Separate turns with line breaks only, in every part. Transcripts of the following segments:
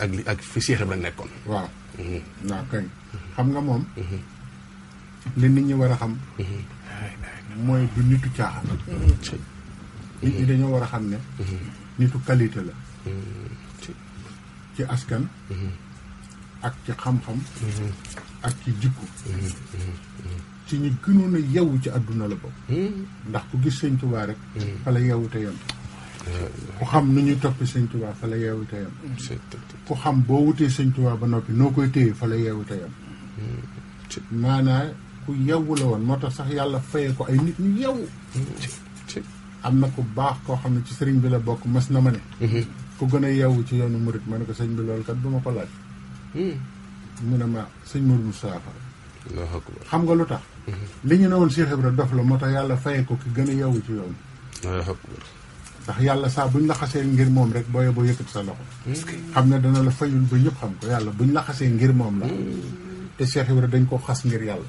ak ak fi Cheikh Ibrahima nekkoon. waaw. Mhm. waaw kay xam nga moom. Mhm. li nit ñi war a xam. Mhm. mooy du nitu caaxaan. nit ñi dañoo war a xam ne. nitu qualité la. ci askan. ak ci xam-xam. ak ci jikko. ci ñu gënoon a yeewu ci àdduna la bokk. ndax ku gis Sëñ Tuubaa rek. fa la yeewu ku xam nu ñuy topp sëñ Tuubaa fa la yeewu ku xam boo wutee sëñ Tuubaa ba noppi noo koy téye fa la yeewu teyam maanaa ku yeewu la woon moo tax sax yàlla fayee ko ay nit ñu yeewu am na ku baax koo xam ne ci sëriñ bi la bokk mas na ma ne ku gën a yeewu ci yoonu murit ma ne ko sëñ bi loolu kat bu ma ko laaj mu ne ma sëñ Mourou Moustapha xam nga lu tax li ñu ne woon Cheikh Ibra dof la moo tax yàlla fayee ko ki gën a yeewu ci yoonu ndax yàlla saa buñ la xasee ngir moom rek booyee boo yëkkati sa loxo. xam ne dana la fayul bu ñëpp xam ko yàlla buñ la xasee ngir moom la. Hmm. te Cheikh Ibra dañ koo xas ngir yàlla.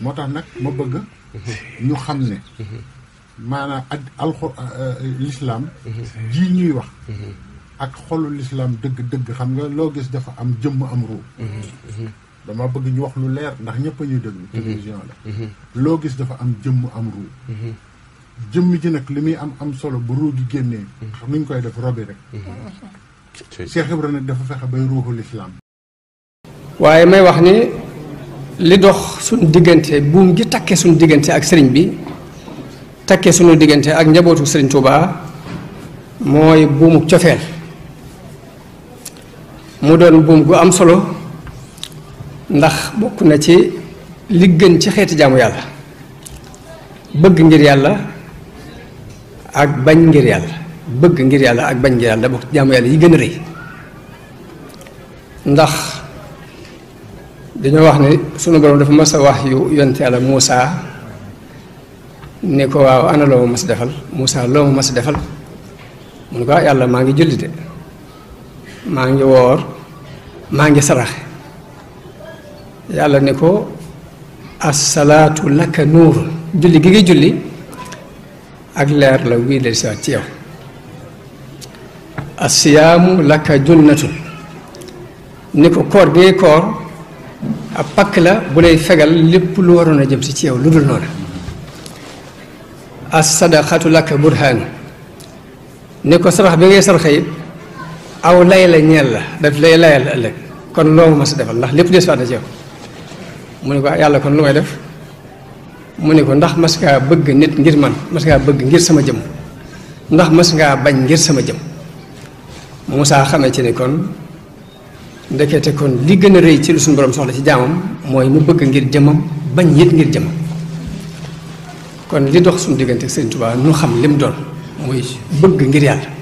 moo tax nag ma bëgg. ñu xam ne. maanaam ak alxu euh, lislaam jii ñuy wax. ak xolu lislaam dëgg dëgg xam nga loo gis dafa am jëmm am ruu. dama bëgg ñu wax lu leer ndax ñëpp ñuy déglu. Hmm. télévision la. loo gis dafa am jëmm am ruu. Hmm. jëmm ji nag li muy am am solo bu ruu gi génnee nuñ koy def robi rek dafa fexe bay ruuxu lislaam
waaye may wax ni li dox suñu diggante buum gi takkee suñu diggante ak sëriñ bi takke suñu diggante ak njabootu sëriñ Tuubaa mooy buumu cofeel mu doon buum gu am solo ndax bokk na ci li gën ci xeeti jaamu yàlla bëgg ngir yàlla ak bañ ngir yalla bëgg ngir yalla ak bañ ngir yalla bu bokk yalla yi gën a ndax dañu wax ni suñu borom dafa mësa wax yu yonte yàlla Moussa ne ko waaw ana loo mas defal Moussa loo ma mas defal mu ko ah, yàlla maa ngi julli de maa ngi woor maa ngi ne ko as-salatu laka nur julli gi julli ak leer la wii del siwaat ci yow asiyaamu lakka junnatun ni ko koor gi ngay koor ab pakk la bu lay fegal lépp lu waroon a jëm si ci yow lu dul noonu asadaxatu lakk burhaanu ni ko sarax bi ngay saraxa yi aw lay la ñeel la daf lay layal ëllëg kon loo ma si defal ndax lépp des waat na ci yow mu ne ko yàlla kon lu may def mu ne ko ndax mas bëgg nit ngir man mas bëgg ngir sama jëm ndax mas ngaa bañ ngir sama jëm Moussa xamee ci ne kon ndekete kon li gën a rëy ci lu suñu borom soxla ci jaamam mooy mu bëgg ngir jëmmam bañ yit ngir jëmam kon li dox suñu diggante ak Sëriñ Tuubaa nu xam lim doon muy bëgg ngir yàlla